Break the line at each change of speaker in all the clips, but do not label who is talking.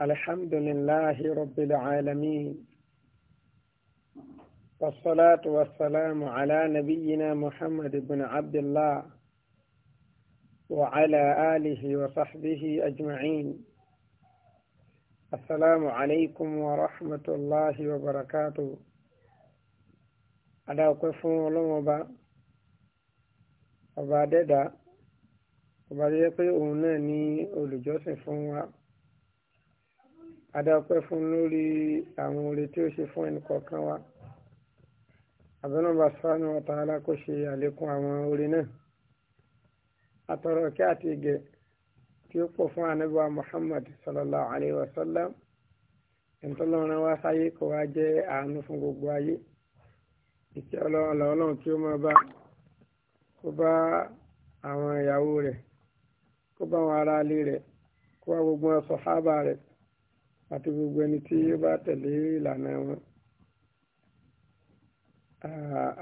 الحمد لله رب العالمين والصلاة والسلام على نبينا محمد بن عبد الله وعلى آله وصحبه أجمعين السلام عليكم ورحمة الله وبركاته على قف ولوبا وبعد ذا وبعد يقول أولجوس فنوا adáwọ̀pẹ́ fún lórí àwọn oore tí ó ṣe fún ẹnì kọ̀ọ̀kan wa àbẹ̀nàbà sọ́nà ọ̀tá alákó àlékún àwọn oore náà àtọ̀rọ̀ kí àti ìgẹ̀ tí ó pọ̀ fún anábíwá Muhammad sallallahu alayhi wa sallam ìtọ́lọ́run wá sáyé kó wá jẹ́ àánú fún gbogbo ayé ìkẹ́ ọlọ́run lọ́lọ́run kí ó máa bá kó bá àwọn ìyàwó rẹ̀ kó bá àwọn aráalé rẹ̀ kó bá gbogbo ọ̀sọ̀ hábà rẹ̀ àti gbogbo ẹni tí ó bá tẹ̀lé ìlànà wọn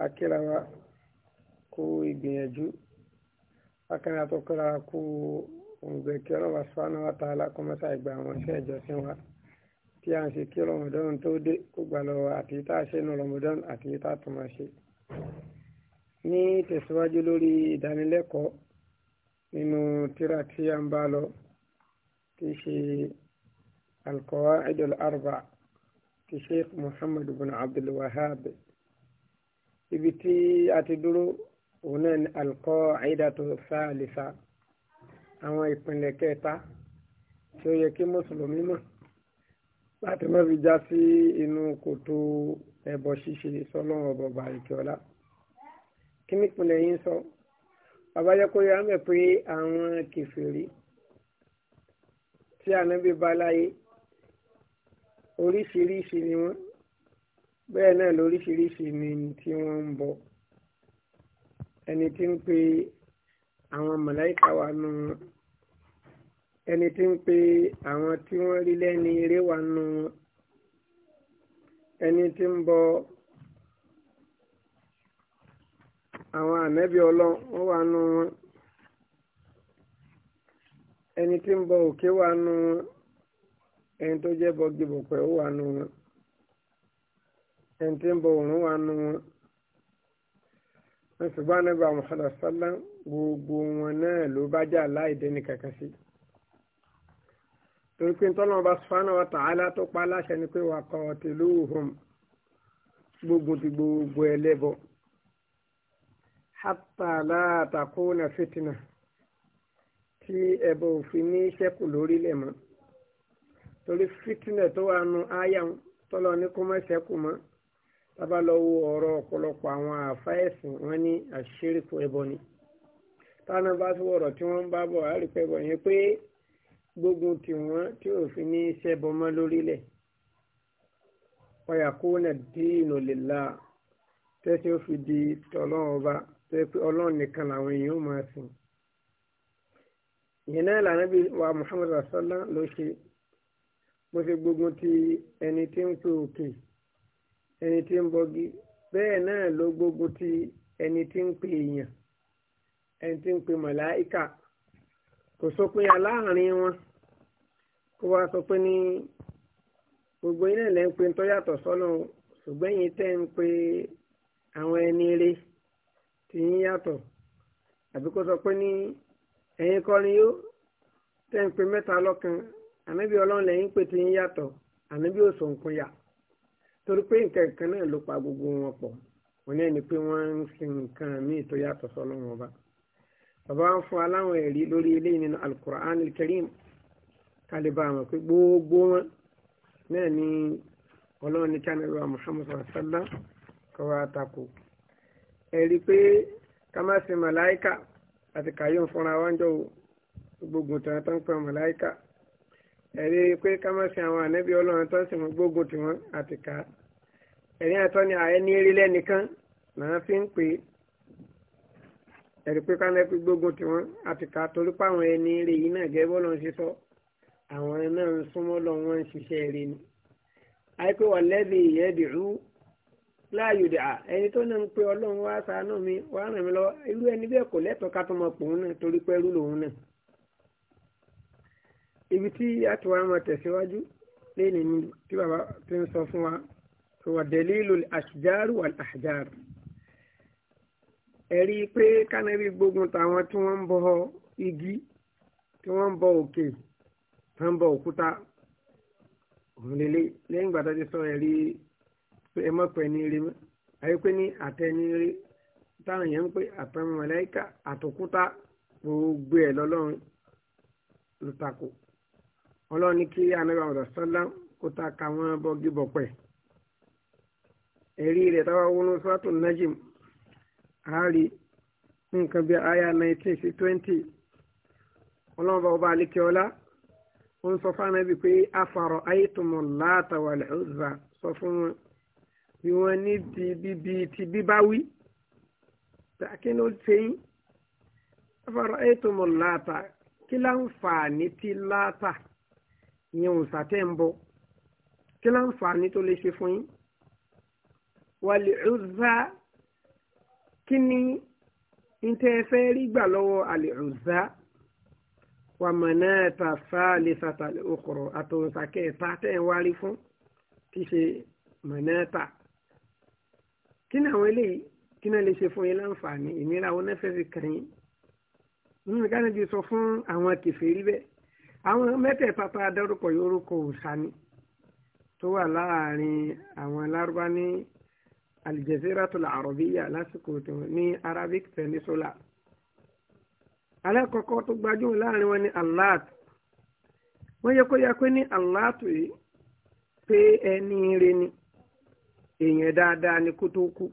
akírawa kó ìgbìyànjú akẹ́ni àtọ́kọ́ra kó òǹgbẹ̀kí ọlọ́wà sọ́nà wa tààlà kọ́mọ́sá ìgbà àwọn iṣẹ́ ìjọsìn wa tí a ń ṣe kí rọmọdán tó dé kó gbà lọ àti tá a ṣe nu rọmọdán àti tá a tún máa ṣe. ní tẹ̀síwájú lórí ìdánilẹ́kọ̀ọ́ nínú tíra tí a ń bá lọ tí ṣe. القواعد الأربع لشيخ محمد بن عبد الوهاب إبتي أتدرو هنا القاعدة الثالثة أما يكون لكيتا tí ó yẹ kí mùsùlùmí mọ̀ láti má fi já sí inú kòtò ẹbọ ṣíṣe sọlọ́wọ́ bọ̀bà ìkíọ́lá kí nípìnlẹ̀ yín sọ babayẹ́kọ́ yà mẹ́ pé àwọn kẹfìrí tí ànábì bá láyé oríṣiríṣi ni wọ́n bẹ́ẹ̀ náà lóríṣiríṣi ni tí wọ́n ń bọ ẹni tí ń pe àwọn màláìka wà nù ẹni tí ń pe àwọn tí wọ́n rí lẹ́ni eré wà nù wọn ẹni tí ń bọ àwọn ànẹ́bí ọlọ́run wà nù ẹni tí ń bọ òkè wà nù ẹni tó jẹ́ bọ́gibọ̀pẹ̀ ó wà nù wọn ẹni tí ń bọ òórùn wà nù wọn wọn ṣùgbọ́n anábà Muhammad sallá gbogbo wọn náà ló bá jà láì dẹ́ni kankan sí torí pé tọ́lọ́mọ bá subhanahu wa ta'ala tó pa aláṣẹ ni pé wà kọ́ ọtí lóhùn gbogbo ti gbogbo ẹlẹ́bọ hatta la takuna fitna tí ẹbọ òfin ní ṣẹ́kù lórílẹ̀ mọ́ torí fitinẹ tó wà nù áyà tọ́lọ ní kó má ṣẹ́kù mọ́ tábà lọ àwọn àfa wọn ní àṣírí ẹbọ ni táwọn bá tó ọ̀rọ̀ tí wọ́n ń bá bọ̀ á rí pé ẹbọ yẹn pé gbógun tì wọ́n tí òfin ní ṣẹbọ mọ́ lórílẹ̀ ọyà kó nà dínà lè la tẹ́sí ó fi di tọ́lọ́run ọba tó yẹ nìkan làwọn èèyàn máa sìn ìyẹn náà lànà bí wa Muhammad rasulillah ló ṣe bó ṣe gbógun ti ẹni tí ń pe òkè ẹni tí ń bọgi bẹ́ẹ̀ náà ló gbógun ti ẹni tí ń pe èèyàn ẹni tí ń pe màláìkà kò sópin aláàárín wọn kó wá sọ pé ní gbogbo iná ilẹ̀ ń pe tó yàtọ̀ sọ́nà ṣùgbọ́n yìí tẹ́ ń pe àwọn ẹni eré tí yín yàtọ̀ àbí kó sọ pé ní ẹ̀yin kọrin yó tẹ́ ń pe mẹ́ta lọ́kan ànábì ọlọ́run lẹ́yìn pé ti ń yàtọ̀ ànábì òsò nǹkan yà torí pé nǹkan kan náà ló pa gbogbo wọn pọ̀ òun náà ni pé wọ́n ń sin nǹkan míì tó yàtọ̀ sọ́lọ́run ọba bàbá ń fún aláwọn ẹ̀rí lórí eléyìí nínú alukur'an karim kálíbà àmọ́ pé gbogbo wọn náà ni ọlọ́run ní kánẹ́lú wa muhammadu sallá kọ́wá àtakò ẹ̀rí pé ká má sin màláìkà àti kàyọ̀ fúnra wọn jọ gbogbo tàn tán pẹ́ màláìkà ẹ̀rí pé ká má àwọn ànábì ọlọ́run tó ń sìn wọ́n gbógun tì wọ́n àti ká ẹ̀rí àtọ́ ni ààrẹ ní eré lẹ́nìkan làwọn fi ń pè ẹ̀rí pé ká lẹ́pẹ́ gbógun torí pé àwọn ẹni eré yìí náà gẹ́gẹ́ bọ́lọ́run ṣe sọ àwọn náà ń súnmọ́ lọ wọ́n ń ṣiṣẹ́ eré wà lẹ́bi ìyẹn láàyò dà ẹni tó náà ń pe ọlọ́run wá mi wá ràn mí lọ́wọ́ irú ẹni bẹ́ẹ̀ kò lẹ́tọ̀ọ́ ká tó mọ̀ pòun náà ibi tí àtiwá máa tẹ̀síwájú lẹ́ni ni tí bàbá ti ń sọ fún wa tó wà dalilul ashjar wal ahjar ẹ̀rí pé kánábì gbógun táwọn tí wọ́n ń bọ igi tí wọ́n ń bọ òkè tí wọ́n ń bọ òkúta òun lélẹ̀ lẹ́yìn ìgbà tó ti sọ ẹ̀rí ẹ mọ̀ pé ní rí mọ́ àyè pé ní àtẹni rí táwọn èèyàn ń pè àpẹmọ màláíkà àtòkúta gbogbo ẹ̀ lọ́lọ́run ló ọlọ́run ní kí anábì àwọn sọ́lá kó ta ka wọ́n bọ́gí bọ̀pẹ̀ ẹ̀rí rẹ̀ táwa wọnú sọ́tò najim àárí nǹkan bíi aya 19 sí 20 ọlọ́run bá ọba àlékè ọlá ó ń sọ fáwọn ẹbí pé afárọ̀ ayétumọ̀ látàwálẹ̀ ọ̀zà sọ fún wọn bí wọ́n ní ti bíbí ti bíbá wí kí ló ṣe yín afárọ̀ ayétumọ̀ látà kí láǹfààní ti látà ìyẹn òòsà tẹ́ ń bọ kí láǹfààní tó lè ṣe fún yín wal Uzza kí ni ntẹ́ fẹ́ rí gbà lọ́wọ́ al Uzza wa manata thalithata al-ukhra àtòǹsà kẹta tẹ́ ń wárí fún kì í ṣe manata kí ni àwọn eléyìí kí ni a lè ṣe fún yín láǹfààní ìnira wọn náà fẹ́ fi kàn yín nínú ìkànnì ti sọ fún àwọn kèfèrí bẹ́ẹ̀ àwọn mẹ́tẹ̀ẹ̀ta tá a dárúkọ yìí orúkọ òòṣà ni tó wà láàrin àwọn lárúbá ní aljaziratul arabiya lásìkò tiwọn ní arabic peninsula alákọ̀ọ́kọ́ tó gbajúmọ̀ láàrin wọn ní aláàtù wọ́n yẹ kó yẹ pé ní aláàtù yìí pé ẹni rẹ ni èèyàn dáadáa ni kó tó kú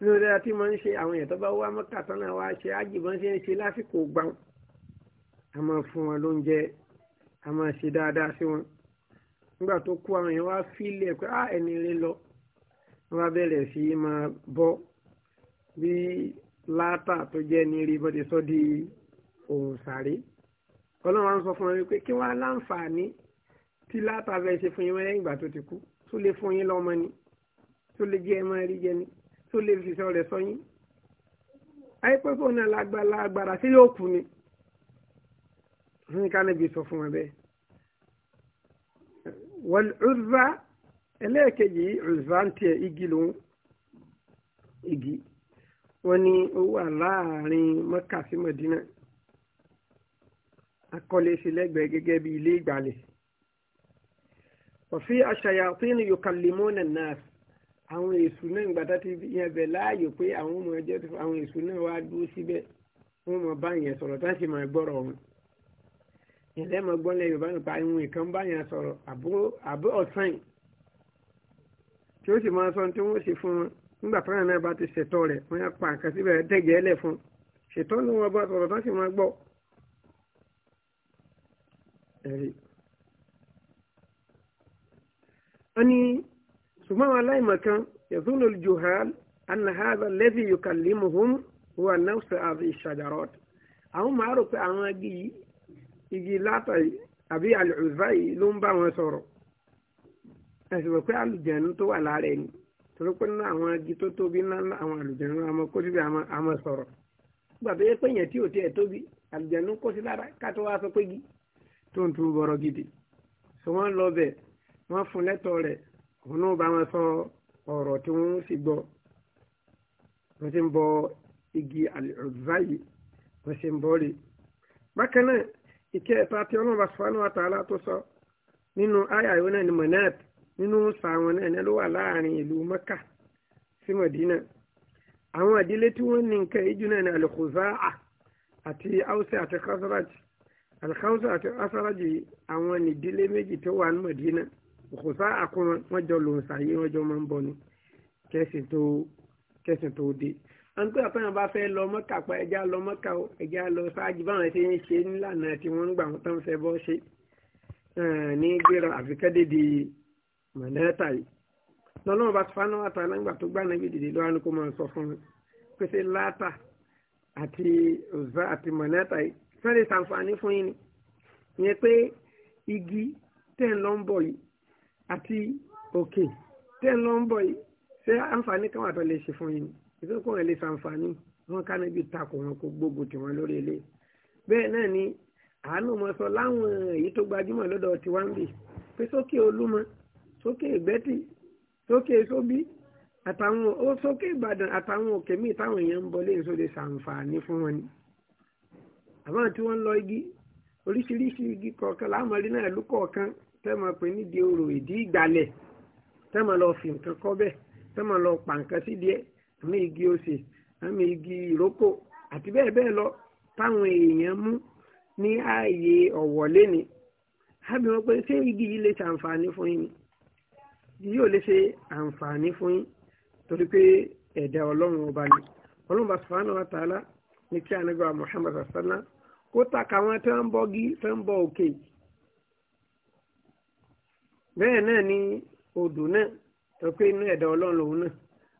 nínú dáadáa tí wọ́n ń ṣe àwọn èèyàn tó bá wá mọ́kàtán náà wá ṣe ájì bọ́n ṣe ń ṣe lásìkò gbàùn a máa fún wọn lóúnjẹ a máa ṣe dáadáa sí wọn nígbà tó kú àwọn èèyàn wá fílẹ̀ pé á ah, ẹni rẹ lọ wọn bá bẹ̀rẹ̀ sí í máa bọ́ bí látà tó jẹ́ ní rí bọ́dẹ sọ di òun sáré ọlọ́run á ń sọ fún wọn pé kí wọ́n á láǹfààní tí látà fẹ́ ṣe fún yín lẹ́yìn ìgbà tó ti kú tó lè fún yín lọ́mọ ni tó lè jẹ́ ẹ máa rí jẹ ni tó lè fi sọ rẹ̀ sọ yín. ayé pẹ́pẹ́ òun lágbára sí yóò ni ní ká níbi sọ fún wọn bẹ́ẹ̀. wọ́n ọ̀zá ẹlẹ́ẹ̀kejì ọ̀zá ń tiẹ̀ igi lòun igi wọ́n ní ó wà láàrin Mọ́kà sí Mọ̀dínà akọ́lé sí lẹ́gbẹ̀ẹ́ gẹ́gẹ́ bí ilé ìgbàlẹ̀. òfin aṣayàtìn yukallimuna an-nas àwọn èṣù náà gbàtà ti yẹn bẹ̀ láàyò pé àwọn ọmọ ẹjọ́ àwọn èṣù náà wá dúró síbẹ̀ wọ́n mọ̀ bá sọ̀rọ̀ tá a sì máa gbọ́rọ̀ wọn ìlẹ́ mọ̀ gbọ́n lẹ yorùbá nípa ìwọ̀n ìkan bá yẹn sọ̀rọ̀ àbó ọ̀sán tí ó sì máa sọ tí wọ́n ṣe fún wọn nígbà táwọn náà bá ti ṣètò rẹ̀ wọ́n yà pa nǹkan síbẹ̀ dẹ́gẹ̀ẹ́ lẹ̀ fún ṣètò ní wọn bá sọ̀rọ̀ tó sì máa gbọ́. wọ́n ní ṣùgbọ́n àwọn aláìmọ̀kan yẹ̀sùn lójúhàl anna hadha alladhi yukallimuhum huwa nafsu àti ìṣàjàrọ̀ àwọn máa rò pé àwọn agi igi látà yìí àbí àlùfáà yìí ló ń bá wọn sọ̀rọ̀ ẹ̀sìn mọ̀ pé àlùjẹ̀nu tó wà lára ẹni torí pé nínú àwọn igi tó tóbi ńláńlá àwọn àlùjẹ̀nu àmọ́ kó síbi àmọ́ sọ̀rọ̀ gbà tó yẹ pé yẹn tí ò tiẹ̀ tóbi àlùjẹ̀nu kó sí lára ká wá sọ pé gi tó ń tún bọ̀rọ̀ gidi sọ wọ́n lọ bẹ̀ wọ́n fún lẹ́tọ̀ rẹ̀ òun náà bá wọn sọ ọ̀rọ̀ tí wọ́n sì gbọ́ wọ́n ti ń bọ igi àlùfáà yìí wọ́n sì ń bọ́ rè bákan náà ìkẹ́ ẹ̀ta tí ọlọ́run bá sọ́nù àtàlà tó sọ nínú àyà ìwé náà ni monat nínú sàwọn náà ní ló wà láàrin ìlú mẹ́kà sí mọ̀dínà àwọn ìdílé tí wọ́n ní nǹkan ìjù náà ní alùkùzáà àti haúsá àti kásáràjì alùkùzáà àti kásáràjì àwọn ìdílé méjì tó wà ní mọ̀dínà òkùsá àkùnrin wọ́n jọ lòun sàyé wọ́n jọ máa ń bọ ni kẹ́sìn tó dé àǹtí àtọ́yàn bá fẹ́ lọ mọ́kà pa ẹja lọ mọ́kà o ẹja lọ ṣáájú báwọn ṣe ń ṣe nílànà tí wọ́n ń gbà wọ́n tán fẹ́ bọ́ ṣe ní gbéra àfikẹ́dédé mọ̀nẹ́tà yìí lọ́lọ́mọba sùfánà wà tán nígbà tó gbà nàbí dìde lọ́wọ́ ni kò máa sọ fún mi pèsè láàtà àti ọ̀zà àti mọ̀nẹ́tà yìí fẹ́rẹ̀ ṣàǹfààní fún yín ni ìyẹn pé igi tẹ́ ń lọ ń bọ̀ yìí àti òkè tẹ́ ń lọ ń bọ̀ yìí ṣé àǹfààní kan wà tó lè ṣe fún yín ni ìfẹ́kùn ẹ̀ lè ṣàǹfààní wọn kánẹ́bí takò wọn kó gbógun tiwọn lórí ilé bẹ́ẹ̀ náà ni àánú mọ sọ láwọn èyí tó gbajúmọ̀ lọ́dọ̀ tiwa ń bì pé sókè olúmọ sókè ìgbẹ́tì sókè sóbí àtàwọn ó sókè ìbàdàn àtàwọn òkè míì táwọn èèyàn ń bọ lé èso lè ṣàǹfààní fún wọn ni àwọn tí wọ́n lọ igi oríṣiríṣi igi kọ̀ọ̀kan láwọn rí náà ìlú kọ̀ọ̀kan tẹ́ pé nídìí orò ìdí ìgbàlẹ̀ tẹ́ mọ̀ lọ fi nǹkan kọ́ bẹ́ẹ̀ tẹ́ mọ̀ lọ pa nǹkan sí díẹ̀ àmì igi osè àmì igi ìrókò àti bẹ́ẹ̀ bẹ́ẹ̀ lọ táwọn èèyàn mú ní ààyè ọ̀wọ̀ léni hábì wọn pé ṣé igi yìí lè ṣe àǹfààní fún yín ni yóò lè ṣe àǹfààní fún yín torí pé ẹ̀dá ọlọ́run ọba ni ọlọ́run bá subhanahu wa ta'ala ní kí ànágbà Muhammad sallá kó tàkà wọn tó ń bọ́ gí tó ń bọ́ òkè bẹ́ẹ̀ náà ni odò náà tó pé inú ẹ̀dá ọlọ́run lòun náà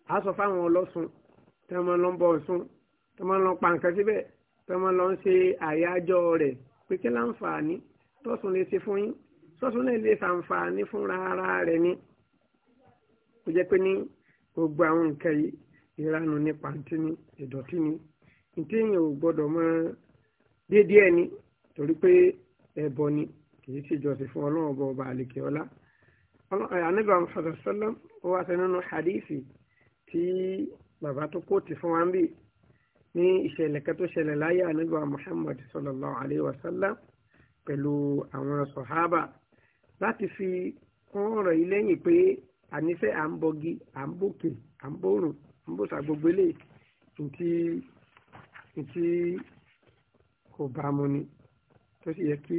a sọ fáwọn ọlọ́sùn tí wọ́n lọ ń bọ̀ sùn tí wọ́n lọ pa nǹkan síbẹ̀ tí wọ́n lọ ń ṣe àyájọ́ rẹ̀ pé kí láǹfààní tọ́sùn lè ṣe fún yín tọ́sùn lè lè ṣàǹfààní fúnra ara rẹ̀ ni kò jẹ́ pé ní gbogbo àwọn nǹkan yìí ìranù ní pàǹtí ni ìdọ̀tí ni ntí èèyàn ò gbọ́dọ̀ mọ déédéé ẹni torí pé ẹ̀bọ ni kì í ṣe ìjọsìn fún ọlọ́run ọba ọba àlèkè ọlá anábìàmù sọ̀rọ̀ sọ́lá ó wá sẹ́nu hadithi tí bàbá tó kóòtù fún wa ń bì ní ìṣẹ̀lẹ̀ kan tó ṣẹlẹ̀ láyé ànábì Muhammad sallallahu alayhi wa sallam pẹ̀lú àwọn sọ̀hábà láti fi kún ọ̀rọ̀ yìí lẹ́yìn pé ànífẹ́ à ń bọgi à ń bòkè à ń bòrùn à ń bòsà gbogbo ilé ntí kò bá mu ni tó sì yẹ kí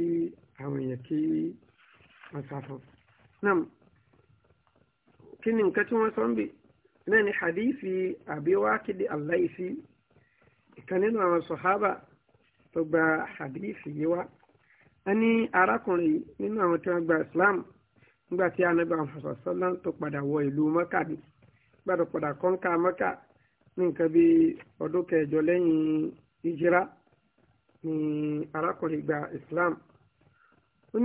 àwọn èèyàn kí wọ́n sá fún. kí ni nǹkan tí wọ́n sọ ń bì náà ni hadithi àbíwákìdí aláìsí ìkan nínú àwọn sọ̀hábà tó gba hadithi yìí wá a ní arákùnrin nínú àwọn tí wọ́n gba islam nígbà tí anábì àfọ̀sọ̀ sọ́lá tó padà wọ ìlú mọ́kà ní gbàdọ̀ padà kọ́ńkà mọ́kà ní nǹkan bíi ọdún kẹjọ lẹ́yìn ìjírá ni arákùnrin gba islam ó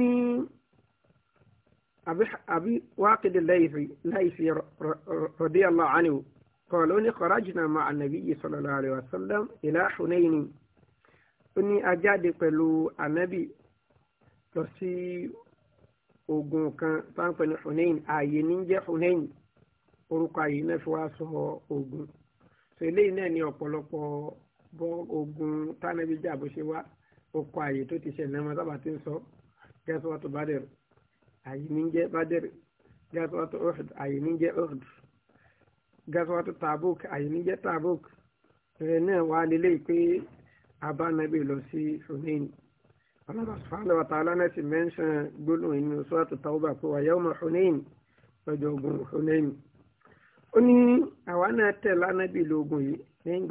أبي واقد الليثي ليثي رضي الله عنه قالوا خرجنا مع النبي صلى الله عليه وسلم إلى حنين أني أجاد قالوا النبي لسي ogun kan táǹpẹ̀ ní Hunain ààyè ní jẹ́ Hunain orúkọ ààyè náà fi wá sọ ogun so eléyìí náà ní ọ̀pọ̀lọpọ̀ bọ́ ogun tánàbí jà bó ṣe wá okọ̀ ààyè ti ṣẹlẹ̀ mọ́ sábà ti ń sọ àyè ní jẹ́ badr gazwatu uhud àyè ní jẹ́ uhud gazwatu tabuk àyè ní jẹ́ tabuk rẹ̀ náà wà lélẹ̀ pé abánabi lọ sí hunain Allah subhanahu wa ta'ala náà ti mẹ́ńsàn gbólóhùn inú suratu tawba pé wa yawma hunain lọ́jọ́ ogun hunain ó ní àwa náà tẹ̀ lánàbì lóògùn yìí lẹ́yìn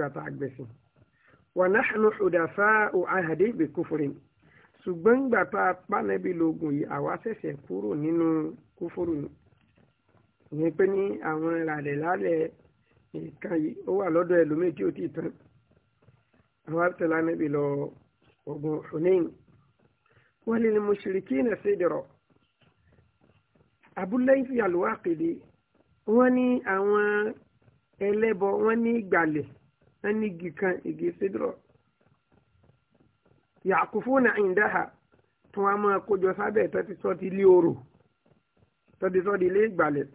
wa nahnu hudafa ahdi bi kufrin ṣùgbọ́n nígbà tá a pànẹ́bí lóògùn yìí àwa ṣẹ̀ṣẹ̀ kúrò nínú kúfòrò ni ìyẹn pé ní àwọn ìràlẹ̀ lálẹ́ nǹkan yìí ó wà lọ́dọ̀ ẹlòmíì tí ó ti tán àwọn àbítẹ̀lá níbi lọ ogun Hunain wọ́n lè ní mùṣìríkí náà ṣe dọ̀rọ̀ Abu Layth al wọ́n ní àwọn ẹlẹ́bọ wọ́n ní ìgbàlẹ̀ wọ́n ní igi kan igi ṣe yàkùfúnà ìndáhà tí wọ́n á máa kójọ sábẹ́ tọ́tí sọ́tí ilé orò tọ́tí sọ́tí ilé ìgbàlẹ̀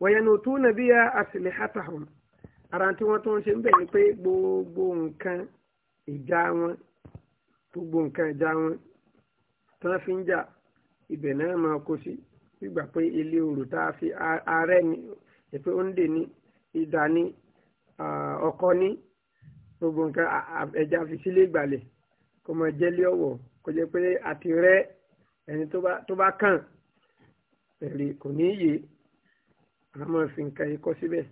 wọ̀yẹ̀nù tún nàbí yà àtìlẹ̀ hátàhùn ara tí wọ́n tó ń ṣe ń bẹ̀ ni pé gbogbo nǹkan ìjà wọn gbogbo nǹkan ìjà wọn tí wọ́n fi ń jà ibẹ̀ náà máa kó sí gbígbà pé ilé orò tá a fi ààrẹ ni ìpè òǹdè ni ìdà ni ọkọ ni gbogbo nǹkan ẹja fi sílé ìgbàlẹ̀ kó mọ jẹ́lé ọ̀wọ̀ kó jẹ́ pé àti rẹ́ ẹni tó bá kàn èrè kò ní yé àmọ́ fi nǹkan ikọ́ síbẹ̀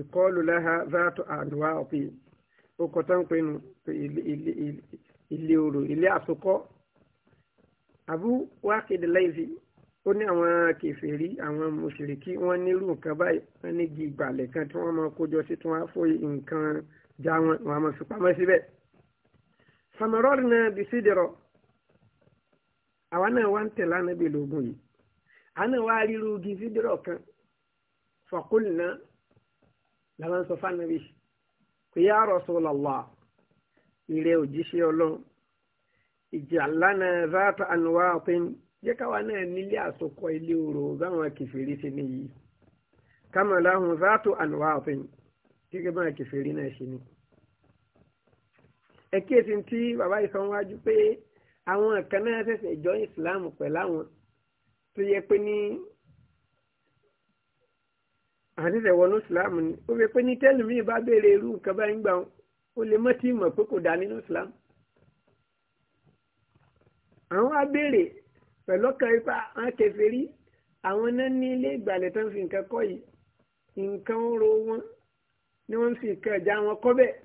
ìkọlù láha záàtò àdùá ọ̀pẹ ó kọ tán pé nu ilé orò ilé àsokọ́ àbú wákìdí láìsí ó ní àwọn kèfèrí àwọn mùsùlùkí wọ́n nírú nǹkan báyìí wọ́n ní igi ìgbàlẹ̀ kan tí wọ́n máa kójọ sí tí wọ́n á fòye nǹkan já wọn wọn a máa fi pamọ́ síbẹ̀. famarọ́ọ̀rì náà bí sídìrọ̀ àwa náà wá ń tẹ̀lé ànábì lóògùn yìí àwa náà wá rí irúgi sídìrọ̀ kan fọ̀kúlì náà làwọn sọ fánàbì kò yá Rasulullah ìrẹ́ òjíṣẹ́ ọlọ́run ìjà lánà ráàtà ànúwà ọ̀pẹ́ni jẹ́ káwa náà nílé àsokọ ilé oró báwọn kìfèrí sí ni yìí kama láhùn ráàtà ànúwà ọ̀pẹ́ni gẹ́gẹ́ báwọn kìfèrí náà ṣe ni ẹ kíyèsí tí bàbá yìí sọ wájú pé àwọn kan náà ṣẹ̀ṣẹ̀ jọ ìsìláàmù pẹ̀lú àwọn tó yẹ pé ní àtẹ̀tẹ̀ wọnú ìsìláàmù ni ó fi pé ní tẹ́lùmí bá béèrè irú nǹkan báyìí gbà wọn ó lè mọ́tì mọ̀ pé kò dá nínú ìsìláàmù. àwọn wá béèrè pẹ̀lú ọkàn ipa àwọn kèfèrí àwọn náà ní ilé ìgbàlẹ̀ tó ń fi nǹkan kọ́ yìí nǹkan ro wọn ni wọ́n ń fi nǹkan ìjà wọn kọ́ bẹ́ẹ̀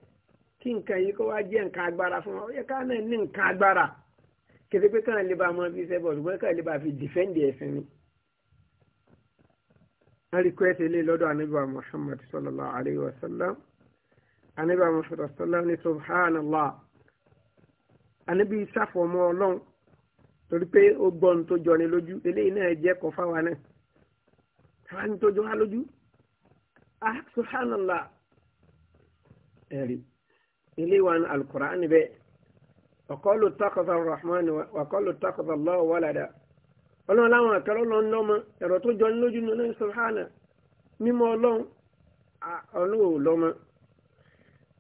kí nǹkan yìí kó wá jẹ́ nǹkan agbára fún wa ó yẹ ká náà ní nǹkan agbára kété pé káà lè bá ọmọ bíi sẹ́bọ̀ ṣùgbọ́n káà lè bá fi dìfẹ́ǹdì ẹ̀sìn ni. wọ́n rí kúẹ́sì ilé lọ́dọ̀ anábìwá Muhammad sallallahu alayhi wa sallam Muhammad sallallahu ní subhanallah anábì sáfọ̀mọ́ ọlọ́run torí pé ó gbọ́n tó jọni lójú eléyìí náà jẹ́ kọ́ fáwa náà fáwa ní tó jọ wá lójú ah subhanallah ẹ̀rí. Eh, ilé wa ní alukur'an bẹ́ẹ̀ ọ̀kọ́lù takọ̀tà rahman ọ̀kọ́lù takọ̀tà allah wàlàdà ọlọ́run láwọn àkẹ́rọ lọ ń lọ́mọ ẹ̀rọ tó jọ lójú nínú subhana mímọ́ ọlọ́run ọlọ́run ò lọ́mọ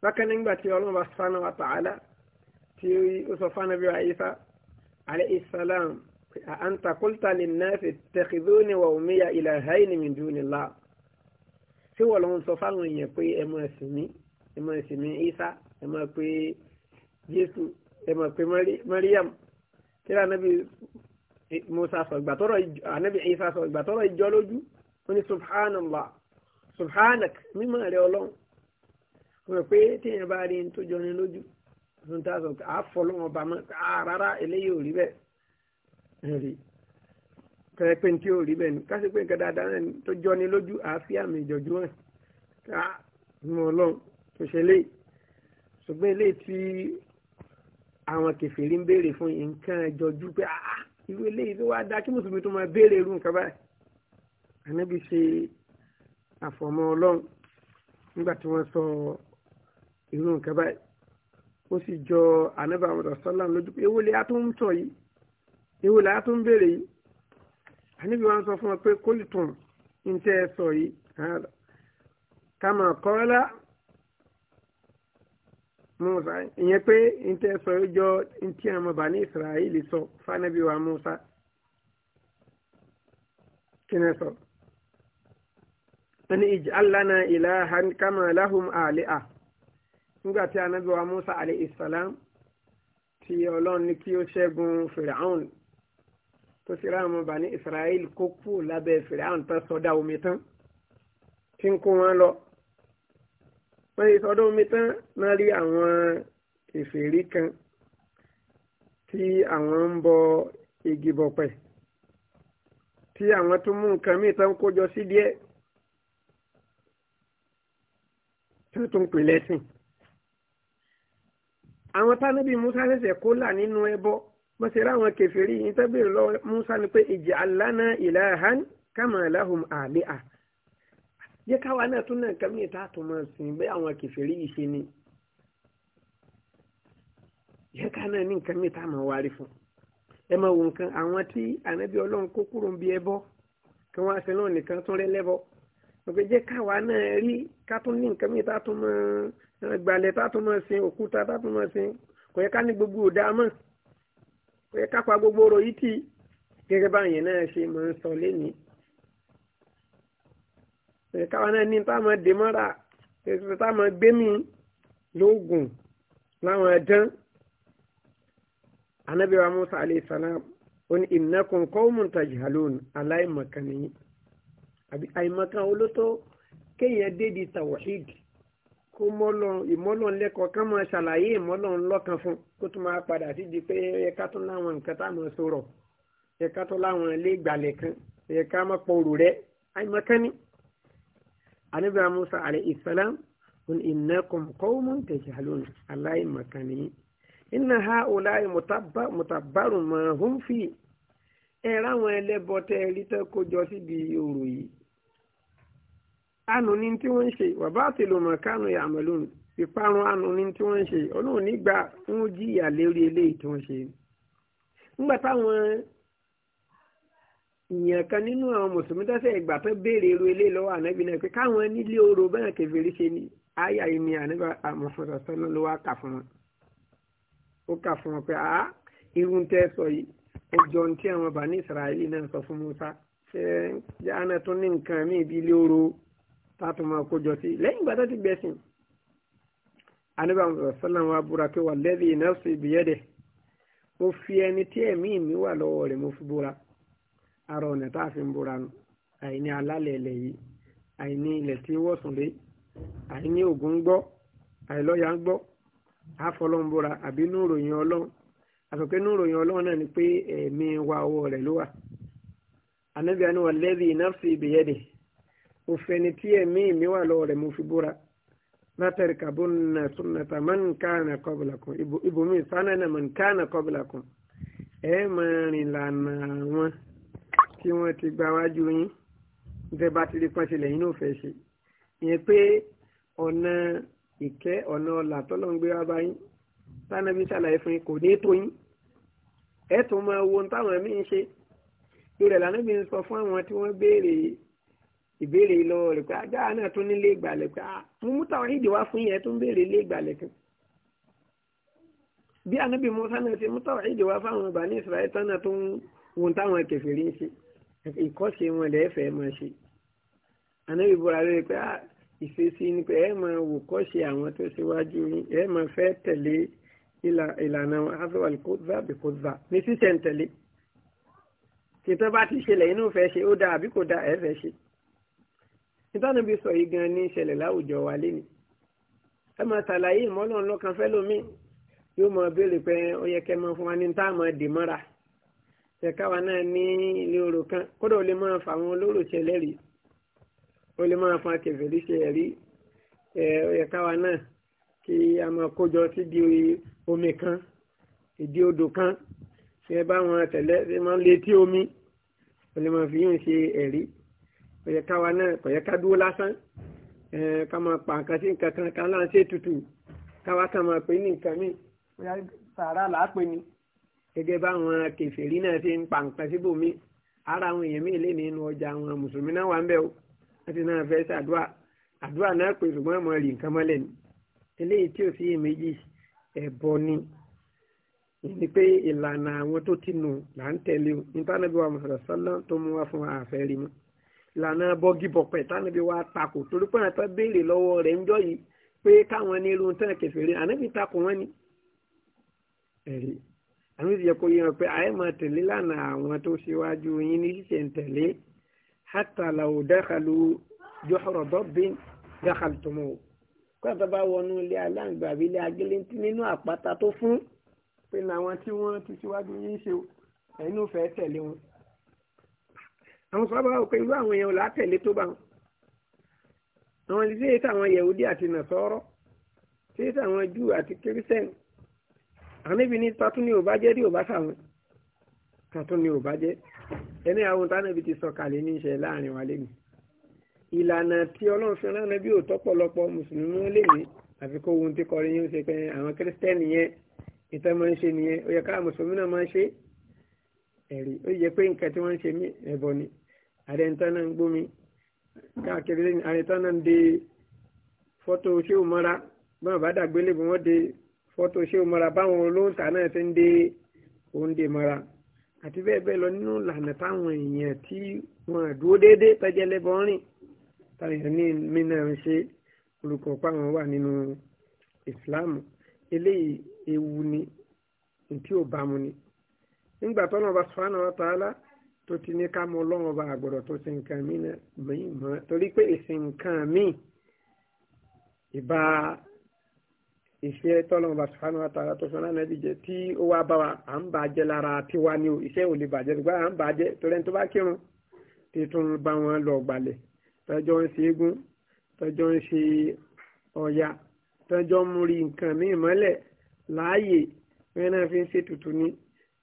bákan nígbà tí ọlọ́run bá sanu wa ta'ala tí ó sọ fún anabi wa isa alayhi salam anta qulta linnasi ittakhidhuni wa ummiya ilahayni min dunillah tí wọ́n lọ́n sọ fáwọn èèyàn pé ẹ máa sìn mí ẹ máa sìn isa ẹ máa pe jésù ẹ máa pe mariam kíra anabi musa sọ ìgbà tọrọ anabi isa sọ ìgbà tọrọ ìjọ lójú wọn ni subhanallah subhanak mímọ rẹ ọlọ́run wọn pe téèyàn bá rí n tó jọni lójú fún tá a sọ àfọlọ́wọn bá mọ́ rárá eléyìí ò rí bẹ́ẹ̀ rí kẹ́ẹ́ pé tí ò rí bẹ́ẹ̀ ni kásì pé nǹkan dáadáa náà tó jọni lójú àáfíà mi ìjọ̀jú hàn ká mọ́ ọlọ́run tó ṣe léyìí ṣùgbọ́n eléyìí tí àwọn kẹfìrí ń béèrè fún nǹkan ẹjọ́jú pé ah, ah irú eléyìí ló wá dá kí mùsùlùmí tó máa béèrè irú nǹkan báyìí ànábì ṣe àfọ̀mọ́ ọlọ́run nígbà tí wọ́n sọ irú nǹkan báyìí ó sì jọ ànábì àwọn ọ̀dọ̀ sọ́lá lójú pé èwo lè a tó ń tọ̀ yìí èwo lè a ń béèrè yìí ànábì wọn sọ fún wọn pé kólítùn ń tẹ́ ẹ sọ yìí kàmá kọ́lá musa ìyẹn pé ntẹ sọ ìjọ ntí àwọn ọba ní israẹli sọ fanabi wa musa kíni sọ ẹni ìjì alana ilahan kama lahum ali'a nígbà tí anabi wa musa alayhi salam ti ọlọ́run ní kí ó ṣẹ́gun fìràhùn tó sì rán àwọn ọba ní israẹli kó kú lábẹ́ fìràhùn tó sọdá omi tán tí ń kó wọn lọ wọ́n yìí sọdún mi tán náà rí àwọn kèfèrí kan tí àwọn ń bọ igi bọ̀pẹ̀ tí àwọn tó mú nǹkan míì tán kójọ sí díẹ̀ tó tún pè lẹ́sìn. àwọn tánábì Musa ṣẹ̀ṣẹ̀ kó là nínú ẹbọ bó ṣe ráwọn kèfèrí yìí tẹ́bìrì lọ́wọ́ Musa ni pé ìjà alánà ìlàhán kàmáàláhùn àlẹ́ à jẹ́ káwa náà tún náà nǹkan mìíràn táàtò máa sìn bẹ́ẹ̀ àwọn kẹfẹ́rí yìí ṣe ni jẹ́ ká náà ní nǹkan mìíràn táà máa wárí fún ẹ máa wo nǹkan àwọn tí ànábì ọlọ́run kó kúrò ń bí ẹbọ kí wọ́n á sin náà nìkan tún rẹ́ lẹ́bọ òkè jẹ́ káwa náà rí ká tún ní nǹkan mìíràn táàtò máa gbalẹ̀ táàtò máa sin òkúta táàtò máa sin kò yẹ ká ní gbogbo òdà mọ́ kò yẹ ká pa gbogbo ọ̀rọ̀ yìí tì gẹ́gẹ́ báyẹn náà ṣe máa ń sọ lénìí káwọn náà ní táwọn dè mọ́ra táwọn gbẹ́mí lóògùn láwọn dán anabi musa alayhi salam ó ní innakum qawmun tajhalun aláìmọ̀kan nìyí àbí àìmọ̀kan olótó kéèyàn dédi tawhid kó mọ́lọ́n ìmọ́lọ́n lẹ́kọ̀ọ́ ká máa ṣàlàyé ìmọ́lọ́n lọ́kàn fún kó tún máa padà sí di pé ẹ̀ka tó láwọn nǹkan táwọn sọ̀rọ̀ ẹ̀ka tó láwọn ilé ìgbàlẹ̀ kan ẹ̀ka máa pọ̀ òrò rẹ̀ àìmọ̀kan ni anabi musa alayhi salam kun innakum qaumun tajhalun allahi makani inna haula'i mutabba mutabbarun ma hum fi ẹ ráwọn ẹlẹ́bọ tẹ ẹ rí tẹ kó jọ síbi òrò yìí anu ni tí wọ́n ń wa batilu ma kanu ya'malun ìparun anu ni tí wọ́n ń ṣe Ọlọ́run nígbà ń jìyà lérí eléyìí tí wọ́n ṣe nígbà táwọn ìyàn kan nínú àwọn mùsùlùmí tẹ́sẹ̀ ìgbà tó béèrè irú ilé lọ́wọ́ ànábì náà pé káwọn nílé oró bẹ́ẹ̀ kẹfìrí ṣe ni àyà yìí ni ànábà àmọ̀fọ̀sọ̀ sọ́nà ló wá kà fún wọn. ó kà fún wọn pé àá irun tẹ́ sọ yìí ẹjọ́ ní tí àwọn bàní ìsirahìlì náà sọ fún Musa ṣe jẹ́ àná tó ní nǹkan mí ibi ilé oró tààtò máa kójọ sí lẹ́yìn ìgbà tó ti gbẹ̀sìn. ànábà àmọ̀fọ̀sọ̀ sọ́nà wa búra ara ọ̀nà tá a fi ń búra nu àìní alálẹ̀ ilẹ̀ yìí àìní ilẹ̀ tí wọ́n sùn lé àìní ògùn gbọ́ àìlọ́yà gbọ́ àfọlọ́nbúra àbí núròyìn ọlọ́run àtọ̀kẹ́ núròyìn ọlọ́run náà ni pé ẹ̀mí wa ọwọ́ rẹ̀ ló wà anabi ani wa lẹ́bi nafsi ìbìyẹ́dì òfẹ́ni tí ẹ̀mí mi wà lọ́wọ́ rẹ̀ mo fi búra látàrí kàbọ̀nà sunnata man kana qablakum ibùmí sanana man kana qablakum ẹ̀ máa rìn lànà wọn tí wọ́n ti gba wájú yín nítorí bá ti rí pọ́n ṣe lẹ́yìn náà fẹ́ ṣe ìyẹn pé ọ̀nà ìkẹ́ ọ̀nà ọ̀là tọ́lọ́ wa gbé wá báyìí tánàbí ṣàlàyé fún yín kò ní tó yín ẹ tún máa wo ohun táwọn míín ṣe ìrẹ̀ lànà bí n sọ fún àwọn tí wọ́n béèrè ìbéèrè lọ́wọ́ rẹ̀ pé ajá ah, náà tún nílé ìgbàlẹ̀ pé ah, mo mú táwọn ìdí wá fún yẹn tó béèrè ilé ìgbàlẹ̀ kan bí anábì musa náà ṣe mú táwọn ìdí wá fáwọn ọba ní ìsirayẹ tán náà tó táwọn kèfèrí ń ṣe ìkọ́ṣe wọn lẹ́ẹ̀fẹ́ máa ṣe ànábì bọ́ra lórí pé ah, ìṣesí ni pé ẹ máa wò kọ́ṣe àwọn tó ṣíwájú yín ẹ máa fẹ́ tẹ̀lé ìlànà wọn afẹ́wà kódà bí kódà ní sísẹ̀ntẹ̀lé tìtọ́ bá ti ṣẹlẹ̀ inú fẹ́ ṣe ó dáa àbí kò dáa ẹ fẹ́ ṣe nítorí bí sọ yìí gan ní ìṣẹ̀lẹ̀ láwùjọ wa lé ni ẹ máa ṣàlàyé ìmọ̀lọ́run fẹ́ lómi yóò máa béèrè pé ó yẹ kẹ́ máa fún wa ní táàmù dìmọ́ra ẹ̀káwa náà ní ilé orò kan kódà ó lè máa fa àwọn olóró ṣe lẹ́rìí ó lè máa fa kẹfẹ́rí ṣe ẹ̀rí ẹ̀káwa náà kí a máa kójọ sí di omi kan ìdí odò kan ṣe bá wọn tẹ̀lé ṣe máa ń lé tí omi ó lè máa fi yóò ṣe ẹ̀rí ẹ̀káwa náà kò yẹ ká dúró lásán ká máa pa nǹkan sí nǹkan kan ká láǹṣẹ́ tutù káwa kan máa pè ní nǹkan míì bóyá làá pè ní gẹ́gẹ́ báwọn kèfèrí náà ti ń pa nǹkan síbòmí ara àwọn èèyàn míì lè nínú ọjà àwọn mùsùlùmí náà wà ń bẹ̀ o láti náà fẹ́ ṣàdúrà àdúrà náà pé ṣùgbọ́n ẹ̀mọ́ rì nǹkan mọ́lẹ̀ ni eléyìí tí ò sí èméjì ẹ̀bọ ni ni pé ìlànà àwọn tó ti nù là ń tẹ̀lé o ní tánàbí wa mọ̀sọ̀rọ̀ sọ́lá tó mú wa fún àfẹ́ rí mu ìlànà bọ́gìbọ̀pẹ̀ tánàbí wa takò torí pé àtọ́ béèrè lọ́wọ́ rẹ̀ ń jọ yìí pé káwọn ní irun tán kẹfẹ́ rí ànábì takò wọn ni àwọn ìṣèjọ kò yẹ pé àyè máa tẹ̀lé lánàá àwọn tó ṣíwájú yín ní ṣíṣe ń tẹ̀lé hátà làwọn dákàlù jọ́rọ̀ dọ́bìn dákàlù tó mọ́ o kó àtọ́ bá wọnú ilé aláǹgbà àbí ilé agéléntí nínú àpáta tó fún pé làwọn tí wọ́n ti ṣíwájú yín ṣe ẹnu fẹ́ tẹ̀lé wọn. àwọn sábà wọ pé irú àwọn èèyàn là á tẹ̀lé tó bá wọn. àwọn ilé tí àwọn Yẹ̀húdí àti nàṣọ́rọ́ tí àwọn Júù àti kírísẹ́nì àníbi ní tatún ni ò bá jẹ́ rí ò bá sàwọn tatún ni ò bá jẹ́ ẹni àwọn tánàbí ti sọ kalẹ̀ ní ìṣẹ̀ láàrin wa lẹ́nu ìlànà tí ọlọ́run fi rán ẹbí ò tọ́pọ̀lọpọ̀ mùsùlùmí lẹ́nu àfikún ohun tí kọrin yóò ṣe pé àwọn kírísítẹ́nì yẹn ìtàn máa ń ṣe nìyẹn ó yẹ ká mùsùlùmí náà máa ń ṣe ẹ̀rí ó yẹ pé nǹkan tí wọ́n ń ṣe mí ẹ̀bọ ni àrẹ̀ntàn ń gbómi káàkiri fọ́tò ṣé o mara báwọn olóńtà náà ti ń dé òǹdè mara àti bẹ́ẹ̀ bẹ́ẹ̀ lọ nínú ìlànà táwọn èèyàn tí wọn dúró déédéé tẹ́jẹ́ lẹ́bọ̀ rìn táyà ní mí náà ń ṣe olùkọ́ páwọn wà nínú Islam eléyìí ewu ni tí ò bá mu ni nígbà tọ́nà ọba sùfàánà wa tààlà tó ti ní ká mọ ọlọ́run ọba àgbọ̀dọ̀ tó ṣe nǹkan mí náà mọ̀ torí pé ìsìn nǹkan míì ìbá iṣẹ́ tọ́lọ́mọba sùhánù àtàrà tó fẹ́ràn náà dìjẹ́ tí ó wá bá wa à ń bàjẹ́ lára tiwa ni o iṣẹ́ ò lè bàjẹ́ nígbà à ń bàjẹ́ torí ẹni tó bá kírun tí tún bá wọn lọ gbalẹ̀ tọ́jọ́ ń ṣe eégún tọ́jọ́ ń ṣe ọ̀yà tọ́jọ́ ń rí nǹkan ní ìmọ́lẹ̀ láàyè wọ́n náà fi ń ṣe tutù ni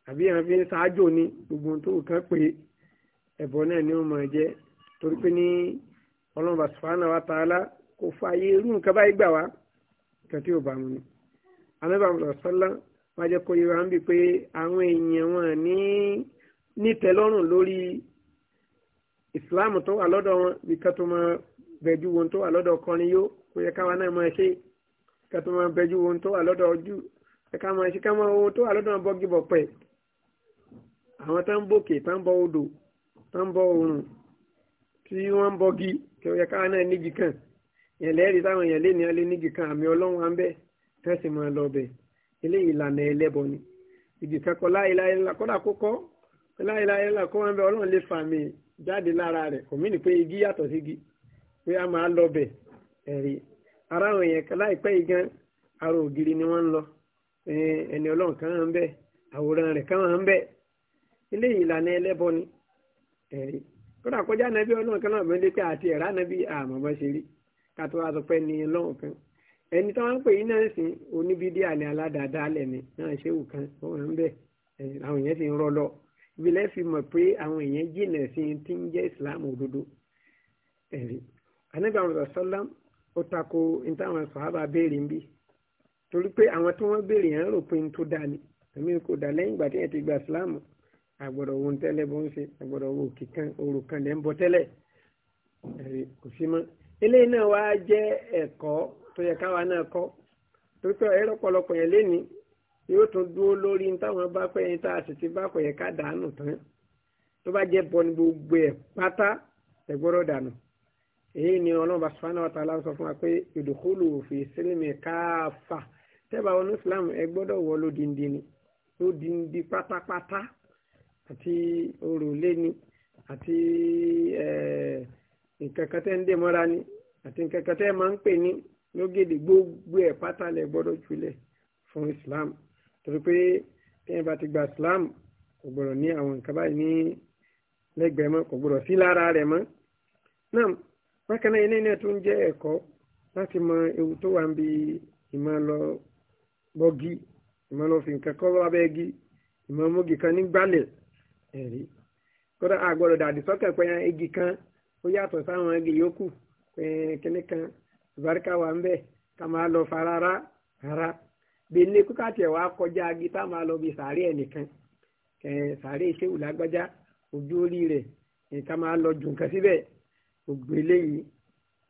àbí wọ́n fi ń ṣáájò ni gbogbo tó kàn pé ẹ̀bọ náà ni ó mọ̀ jẹ́ torí pé ní ọlọ́mọba sùhánù àtàrà kò fààyè nǹkan tí ò bá mu ni anábàmùsọ̀ sọ́lá wọ́n jẹ́ kó yẹra ń bi pé àwọn èèyàn wọn ní nítẹ́lọ́rùn lórí ìsìláàmù tó wà lọ́dọ̀ wọn bí ká tó máa bẹ̀jú wọn tó wà lọ́dọ̀ kọrin yó kó yẹ káwa náà máa ṣe ká tó máa bẹ̀jú wọn tó wà lọ́dọ̀ ojú ká máa ṣe ká máa tó wà lọ́dọ̀ bọ́gì bọ̀ pẹ̀ àwọn tó ń bòkè tó ń bọ odò tó ń bọ òrùn tí wọ́n ń bọ́gì kí ó yẹ káwa náà níbi kan ẹlẹ́rìí táwọn èèyàn lé ní alẹ́ nígi kan àmì ọlọ́run à ń bẹ̀ tẹ́sí máa lọ bẹ̀ eléyìí ìlànà ẹlẹ́bọ ni ìgì kankan láìláì ńlá kókọ́ ńlá lè fà mí jáde lára rẹ̀ kò mí pé igi yàtọ̀ sí igi pé a máa lọ bẹ̀ ẹ̀rí ara àwọn wọ́n lọ ẹni ọlọ́run kan kátó wá sọ pé ní ọlọ́run kan ẹni tí wọ́n ń pè yín náà sìn oníbídíà ni aládàádáálẹ̀ ni náà ṣéwù kan wọ́n ń bẹ̀ àwọn èèyàn sì ń rọ́ lọ ìbílẹ̀ fi mọ̀ pé àwọn èèyàn jìnà sí ti ń jẹ́ ìsìláàmù òdodo ẹ̀rí anábì àwọn ọ̀sọ́lá ó tako ìtàwọn sọ̀hábà béèrè ń bí torí pé àwọn tí wọ́n béèrè yẹn rò pé tó dáa ni èmi kò dà lẹ́yìn ìgbà tí yẹn ti gba ìsìláàmù àgbọ̀dọ̀ wo tẹ́lẹ̀ bó ń ṣe àgbọ̀dọ̀ wo òkè kan òrò kan lẹ́ ń bọ tẹ́lẹ̀ ẹ̀rí kò sí mọ́ eléyìí náà wá jẹ́ ẹ̀kọ́ tó yẹ káwa náà kọ́ torípé ẹ̀rọ pọ̀lọpọ̀ yẹn lénìí yóò tún dúró lórí táwọn bá pẹ́ yẹn tá a sì ti bá pẹ́ yẹn ká dànù tán tó bá jẹ́ bọ́ ní gbogbo ẹ̀ pátá ẹ̀ dànù èyí ni ọlọ́run subhanahu wa ta'ala sọ fún wa pé ìdókòlò òfin sílẹ̀mì káfà tẹ́bà wọn ní islam ẹ wọ lódìndín ni lódìndín pátápátá àti orò léni àti ẹ̀ẹ́ nǹkan kan tẹ́ ń dè mọ́ra ni àti nǹkan kan tẹ́ máa ń pè ní lógèdè gbogbo ẹ̀ pátálẹ̀ gbọ́dọ̀ jùlẹ̀ fún Islam torí pé tẹ́yìn bá ti gba Islam kò gbọ́dọ̀ ní àwọn nǹkan báyìí ní lẹ́gbẹ̀ẹ́ mọ́ kò gbọ́dọ̀ sí lára rẹ̀ mọ́ náà bákan náà ilé náà tún jẹ́ ẹ̀kọ́ láti mọ ewu tó wà ń bi ìmọ̀ lọ bọ́gí ìmọ̀ lọ fi nǹkan kọ́ lábẹ́ gí ìmọ̀ mọ́gì kan nígbàlẹ̀ ẹ̀rí kódà àgbọ̀dọ̀ dàdí sọ́kẹ̀ pẹ́yàn igi kan ó yàtọ̀ sáwọn igi yòókù kíní kan ìbáríkà wà ń bẹ̀ ká máa lọ fa rárá rárá bẹ́ẹ̀ni kúkàtì ẹ̀ wá kọjá agi tá máa lọ bí sàárè ẹnìkan sàárè ìṣèwù lágbájá ojú orí rẹ̀ ká máa lọ jù nǹkan síbẹ̀ gbogbo eléyìí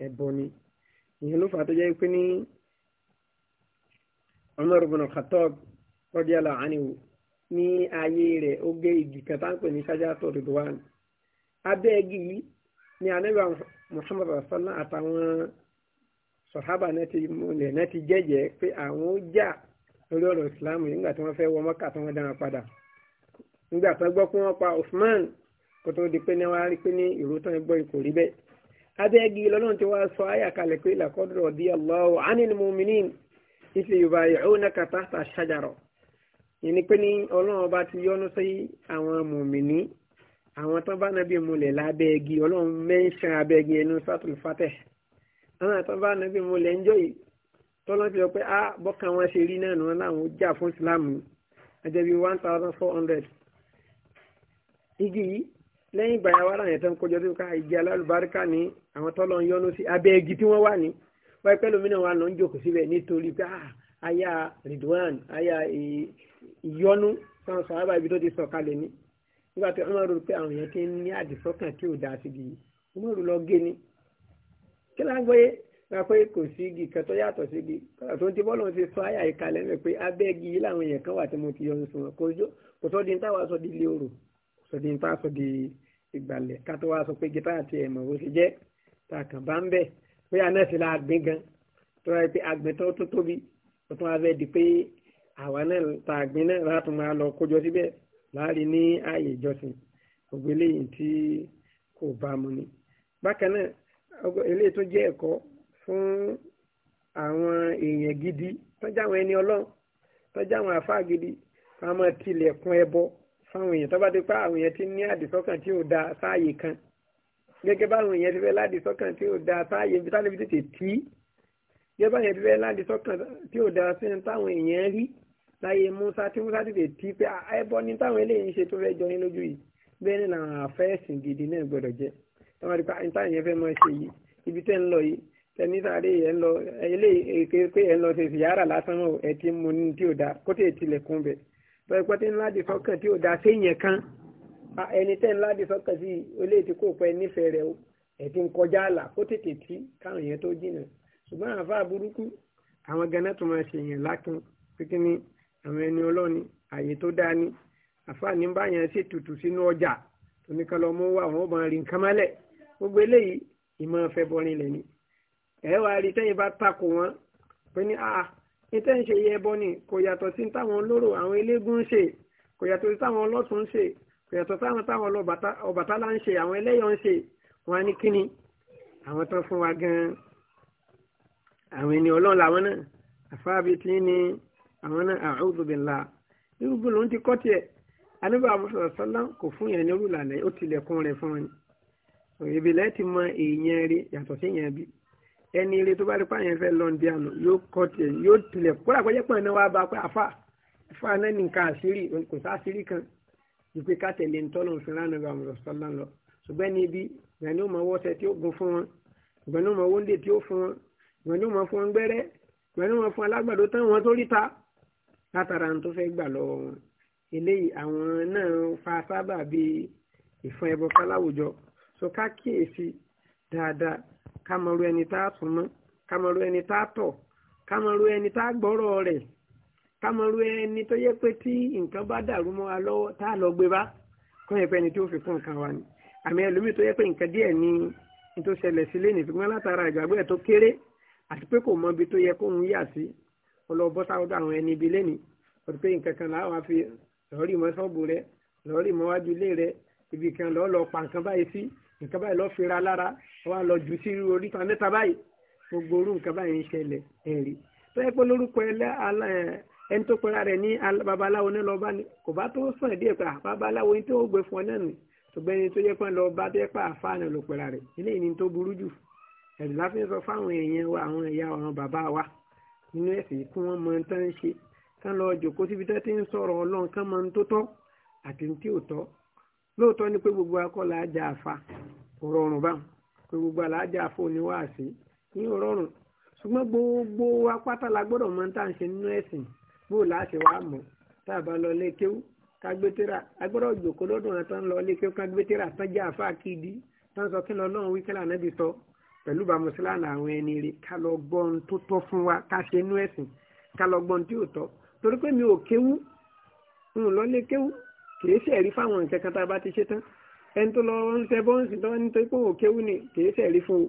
ẹ̀bọ ni ìyẹn ló fà tó jẹ́ pé ní Umar ibn Khattab radiyallahu anhu ní ayé rẹ̀ ó gé igi kan tá ń pè ní sájà tó dodo wa abẹ́ igi yìí ni anábìá muhammad rasulá àtàwọn sọ̀hábà náà ti múlẹ̀ náà ti jẹ́jẹ́ pé àwọn ó jà lórí ọ̀rọ̀ ìsìláàmù nígbà tí wọ́n fẹ́ wọ mọ́kà tí wọ́n dára padà nígbà tí wọ́n gbọ́ pé wọ́n ti àwọn tó bá nàbí múlẹ̀ lábẹ́ igi ọlọ́run mẹ́ńṣán abẹ́ igi ẹnu sátúlù fatẹ̀ àwọn tó bá nàbí múlẹ̀ ń jọ yìí tọ́lọ́ ti sọ pé a ah, bọ́kàn wọn ṣe rí náà náà láwọn jà fún ìsìláàmù àjẹbí one thousand four hundred igi yìí lẹ́yìn ìgbà yàrá ah, àwọn ẹ̀tọ́ ń kọjọ tó ká ìjẹ́ alálùbáríkà ní àwọn tọ́lọ́ ń yọnu sí abẹ́ igi tí wọ́n wà ní wáyé pẹ́ lómìnà wa lọ ń jòkó síbẹ̀ nítorí pé ah, aya Ridwan aya eh, ìyọnu sáwọn sọ àbá ibi tó ti sọ kalẹ̀ nígbà tí ọmọ rò pé àwọn èèyàn ti ní àdìsọ́kàn tí ò dáa síbi yìí ọmọ rò lọ gé ni kí ló ń gbé ra pé kò sí igi kan tó yàtọ̀ sí igi kọ́lá tó ń ti bọ́ọ̀lù ti sọ àyà ìka lẹ́nu pé abẹ́ igi yìí làwọn èèyàn kan wà tí mo ti yọ nsọ kò jó kò sọ́ di ń táwa sọ di ilé orò kò sọ́ di ń táwa sọ di ìgbàlẹ̀ ká tó wá sọ pé gita àti ẹ̀mọ̀ ó ti jẹ́ tá kàn bá ń bẹ̀ bóyá náà sì la gbìn gan tó ra pé àgbẹ̀tọ́ tó tóbi ó tún wá fẹ́ di pé àwa náà tá a náà látùn máa kójọ síbẹ̀ láàrin ní ààyè ìjọsìn gbogbo eléyìí tí kò bá mu ni. bákan náà eléyìí tó jẹ́ ẹ̀kọ́ fún àwọn èèyàn gidi tọ́jú àwọn ẹni ọlọ́run tọ́jú àwọn àfáà gidi ká máa tilẹ̀kùn ẹbọ fáwọn èèyàn tó bá dé pé àwọn èèyàn ti ní àdìsọ́kàn tí ò da sáàyè kan gẹ́gẹ́ báwọn èèyàn ti fẹ́ ládìsọ́kàn tí ò da sáàyè ibi táwọn ibi tètè tí gẹ́gẹ́ báwọn èèyàn ti fẹ́ ládìsọ́kàn tí ò da sí táwọn èèyàn rí láyé musa tí musa tètè tí pé ah, ẹbọ ní táwọn eléyìí ṣe tó fẹ́ jọ yín lójú yìí bẹ́ẹ̀ ni làwọn àfẹ́sìn gidi náà gbọ́dọ̀ jẹ́ táwọn àdìpá ah, táwọn yẹn fẹ́ mọ ṣe yìí ibi tẹ́ ń lọ yìí tẹni sáré ẹ ń lọ eléyìí pé ẹ ń lọ ṣe fìyàrá lásán mọ́ ẹ ti mú ní tí ò dáa kó tẹ̀ tilẹ̀kùn bẹ̀ tọ́ ẹ̀pọ́ tí ńlá di sọ́kàn tí ò dáa séèyàn kan ah, ẹni tẹ́ ńlá di sọ́kàn sí olóyè tí kò pẹ́ nífẹ̀ẹ́ rẹ̀ o ẹ̀ ti ń kọjá àlà kó tètè tí káwọn yẹn tó jìnnà ṣùgbọ́n àfa burúkú àwọn ganan tó máa ṣèyàn lákin pínpín àwọn ẹni ọlọ́ni àyè tó dáa ni àfààní bá yẹn ṣe tutù sínú ọjà tóníkan lọ mú wà wọn bọ̀ rìn nǹkan mọ́lẹ̀ gbogbo eléyìí ìmọ̀ ọ̀fẹ́ bọrin lẹ̀ ni ẹ wá rí tẹ́yìn bá takò wọn pé ní a ìtẹ́ ń ṣe yẹ ẹbọ ni kò yàtọ̀ sí táwọn olóró àwọn eléégún ń ṣe kò yàtọ̀ sí táwọn ọlọ́tún ṣe kò yàtọ̀ táwọn táwọn ọbàtálá ń ṣe àwọn ẹlẹ́yọ̀ ń ṣe wọn á kíni àwọn tán fún wa gan-an àwọn ènìyàn ọlọ́run làwọn náà àwọn náà a'udhu billah irú bó lòun ti kọ́ tiẹ̀ anábà àbúṣọ̀rọ̀ sọ́lá kò fún yẹn ní irú làlẹ́ ó tilẹ̀kùn rẹ̀ fún wọn ìbí lẹ́ ti mọ èèyàn rí yàtọ̀ sí yẹn bí ẹni rí tó bá rí pààyàn fẹ́ lọ́n bí àná yóò kọ́ tiẹ̀ yóò tilẹ̀ kúrò àpẹ́jẹ́ pọ̀ náà wàá bá pé àfà àfà náà ní nǹkan àṣírí kò sá àṣírí kan ìpè ká ń tọ́nà òfin lánàá bá àbúṣọ̀rọ̀ lọ ṣùgbọ́n ní ibi ìgbàni látara tó fẹ́ gbà lọ́wọ́ wọn eléyìí àwọn náà fa sábà bí ìfọn ẹbọ káláwùjọ so ká kíyèsí dáadáa ká mọ ru ẹni tá a sùn mọ́ ká mọ ru ẹni tá a tọ̀ ká mọ ru ẹni tá a gbọ́rọ̀ rẹ̀ ká mọ ru ẹni tó yẹ pé tí nǹkan bá dàrú mọ́ wa lọ́wọ́ tá a lọ gbé bá kọ́ yẹ pé tí ó fi kún nǹkan wa ni àmì ẹlòmíì tó yẹ pé nǹkan díẹ̀ ni tó ṣẹlẹ̀ sílé nìfipá látara ìgbàgbọ́ ẹ̀ tó kéré àti pé kò mọ ibi tó yẹ kóun yà sí ọlọ́bọ́ sáwọ́dọ̀ àwọn ẹni ibi lẹ́ni ọdún pé nǹkan kan láwọn fi lọ́ọ̀rì mọ́ sọ́ọ̀bù rẹ lọ́ọ̀rì mọ́ wájú ilé rẹ ibì kan lọ́ọ́ lọ pa nǹkan báyìí sí nǹkan báyìí lọ́ọ́ fira lára wọ́n á lọ jù sí oríta mẹ́ta báyìí gbogbo orú nǹkan báyìí ń ṣẹlẹ̀ ẹ̀rí tó yẹ pé lórúkọ ẹni tó pera rẹ̀ ní babaláwo ní lọ́ọ́ bá ní kò bá tó sàn díẹ̀ pé babaláwo ní tó gbé fún ọ náà nì ṣùgbọ́n ẹni tó yẹ pé lọ́ọ́ bá bẹ́ẹ̀ pa àfáàní ló pera rẹ̀ eléyìí ni tó burú jù ẹ̀rí láfi sọ fáwọn èèyàn wa àwọn ìyá àwọn bàbá wa nínú ẹ̀sìn kí wọ́n mọ tán ń ṣe kán lọ jòkó síbi tán ti ń sọ̀rọ̀ ọlọ́run kán mọ tó tọ́ àti tí ò tọ́ lóòótọ́ ni pé gbogbo akọ́là ajá àfa kò rọrùn bá pé gbogbo alájà àfa ò ní ní ṣùgbọ́n gbogbo apáta la gbọ́dọ̀ tá ń ṣe nínú ẹ̀sìn bó mọ̀ tá a bá lọ lé kéwú ká gbé a gbọ́dọ̀ jòkó lọ́dún pẹ̀lú bàmú sílánà àwọn ẹni rí ká lọ gbọ́ ohun tó tọ́ fún wa ká ṣe inú ẹ̀sìn ká lọ gbọ́ ohun tí ò tọ́ torí pé mi ò kéwú n ò lọ́lé kéwú kìí ṣe ẹ̀rí fáwọn nǹkan kan tá a bá ti ṣe tán ẹni tó lọ ń ṣe bọ́ǹsì tó ń torí pé òun kéwú ni kìí ṣe ẹ̀rí fún o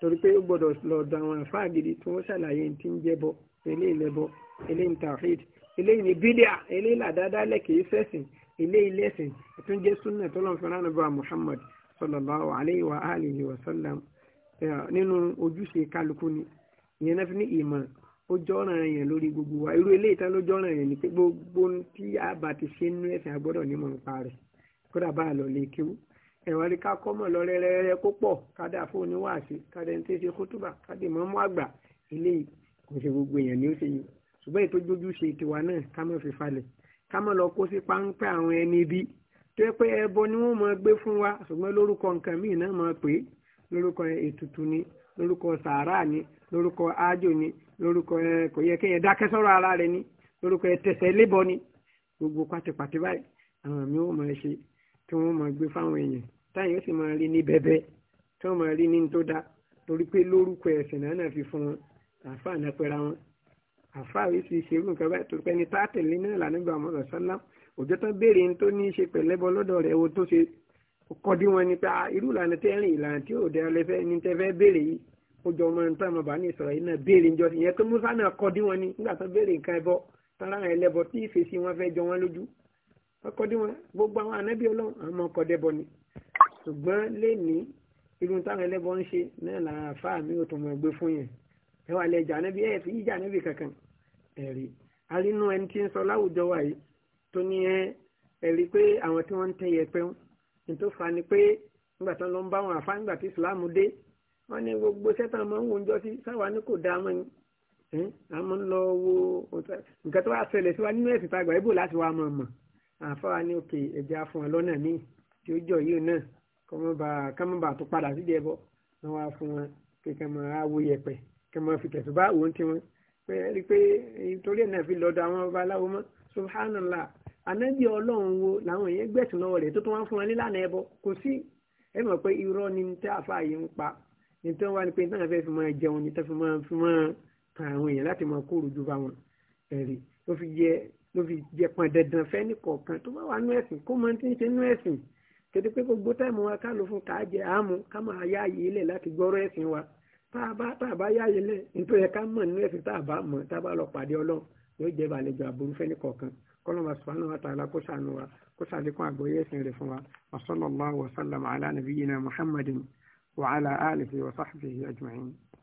torí pé ó gbọ́dọ̀ lọ dọ̀ àwọn àfáà gidi tí wọ́n ṣàlàyé ti ń jẹ́ bọ eléyìí lẹ́bọ eléyìí tàfíìd eléyìí ni bídíà eléyìí làdádálẹ̀ Muhammad sallallahu alayhi wa alihi wa nínú ojúṣe kálukú ni ìyẹn náà fi ní ìmọ̀ ó jọ́ràn yẹn lórí gbogbo wa irú eléyìí tán ló jọ́ràn yẹn ni pé gbogbo tí a bá ti ṣe nínú ẹ̀sìn agbọ́dọ̀ nímọ̀ nípa rẹ̀ kódà bá a lọ lè kíw ẹ̀wà rí ká kọ́ mọ̀ lọ rẹ́rẹ́rẹ́ kó pọ̀ kádà fún oníwàásí kádà ẹni tí ń ṣe kútùbà kádà ìmọ̀ọ́mọ́ àgbà eléyìí kò ṣe gbogbo èèyàn ni ó ṣe yìí ṣùgbọ́n ètò ojú ṣe tiwa náà ká má fi falẹ̀ ká má lọ kó sí páńpẹ́ àwọn ẹni bí tó yẹ pé ẹbọ ni wọ́n máa gbé fún wa ṣùgbọ́n lórúkọ nǹkan míì náà máa pè lórúkọ ètùtù ni lórúkọ sàárà ni lórúkọ ájò ni lórúkọ kò yẹ kéèyàn dákẹ́ sọ̀rọ̀ ara rẹ̀ ni lórúkọ ẹ̀tẹ̀sẹ̀ lébọ ni gbogbo pátipàti báyìí àwọn mi ò máa ṣe tí wọ́n máa gbé fáwọn èèyàn táyà yóò sì máa rí ní bẹ́bẹ́ tí wọ́n máa rí ní tó dáa torí pé lórúkọ ẹ̀sìn náà náà fi fún wọn àáfàá náà pẹ́ra wọn àáfàá yìí sì ṣerú nǹkan báyìí torí pé ẹni tá a tẹ̀lé náà lànà ìgbà ọmọ rẹ̀ òjò tán béèrè ní tó ní í ṣe pẹ̀lẹ́bọ lọ́dọ̀ rẹ̀ wo tó ṣe kọ́dí wọn ni pé irú ìlànà tẹ́ rìn ìlànà tí ò dẹ́rẹ́ lẹ́fẹ́ ní tẹ́ fẹ́ béèrè yìí ó jọ ọmọ nípa ọmọ bàánì sọ̀rọ̀ yìí náà béèrè níjọ ìyẹn pé Musa náà kọ́dí wọn ni nígbà tó béèrè nǹkan ẹbọ tọ́lá àwọn ẹlẹ́bọ tí ìfèsì wọn fẹ́ jọ wọn lójú kọ́dí wọn gbogbo àwọn ànábì Ọlọ́run àwọn ọmọ ni ṣùgbọ́n lẹ́ni irun táwọn ẹlẹ́bọ ń ṣe náà làwọn àfáà mi ò tó mọ̀ gbé fún yẹn ẹ wà lẹ́jà ànábì ẹ̀ fi yíjà ànábì kankan ẹ̀rí arínú ẹni tí ń sọ láwùjọ wa tó ní ẹ ẹ̀rí pé àwọn tí wọ́n ń tẹ́ yẹpẹ́ nítorí fa ni pé nígbà tí wọ́n lọ ń bá wọn àfa nígbà tí Islam dé wọ́n ní gbogbo sẹ́tàn máa ń wo oúnjẹ sí sáwa ní kò dáa mọ́ ni àmọ́ ń lọ wo nǹkan tó wá ṣẹlẹ̀ sí wa nínú ẹ̀sìn tá a gbà ibò láti wá mọ̀ mọ̀ àfa wa ní òkè ẹ̀jẹ̀ afún wọn lọ́nà míì tí ó jọ yìí náà kọ́mọba tó padà sí ìdẹ́bọ̀ wọ́n wá fún wọn pé kí wọ́n máa wo yẹ̀pẹ̀ kí wọ́n fi tẹ̀sùn bá òun tí wọ́n pé torí ẹ̀ náà fi lọ́dọ̀ àwọn babaláwo mọ́ subhanallah ànábì ọlọ́run wo làwọn èèyàn gbẹ̀sìn lọ́wọ́ rẹ̀ tó tún wá fún wọn nílànà ẹbọ kò sí ẹ mọ̀ pé irọ́ ni tẹ́ àfáà yìí ń pa ní tẹ́ wá ní pé náà fẹ́ fi máa jẹun ní tẹ́ fi máa fi máa kan àwọn èèyàn láti máa kóòrò ju báwọn ẹ̀rí ló fi jẹ ló fi jẹ pọn dandan fẹ́ ní kọ̀ọ̀kan tó bá wà nú ẹ̀sìn kó mọ ti ń ṣe nú ẹ̀sìn kété pé gbogbo táìmù wa ká ló fún ká jẹ àmú ká máa yá àyè lẹ̀ láti gbọ́rọ̀ ẹ̀sìn wa tá a bá tá a bá yá àyè lẹ̀ nítorí ká mọ̀ nú ẹ̀sìn tá a bá mọ̀ tá a bá lọ pàdé ọlọ́run yóò jẹ́ ìbàlejò àbúrú fẹ́ni kọ̀ọ̀kan kọ́lọ́mà subhanahu wa ta'ala kó sànù wa kó sàlékún àgbọ́yé ẹ̀sìn rẹ̀ fún wa wa sallallahu wa sallam ala nabiyyina muhammadin wa ala alihi wa sahbihi ajma'in.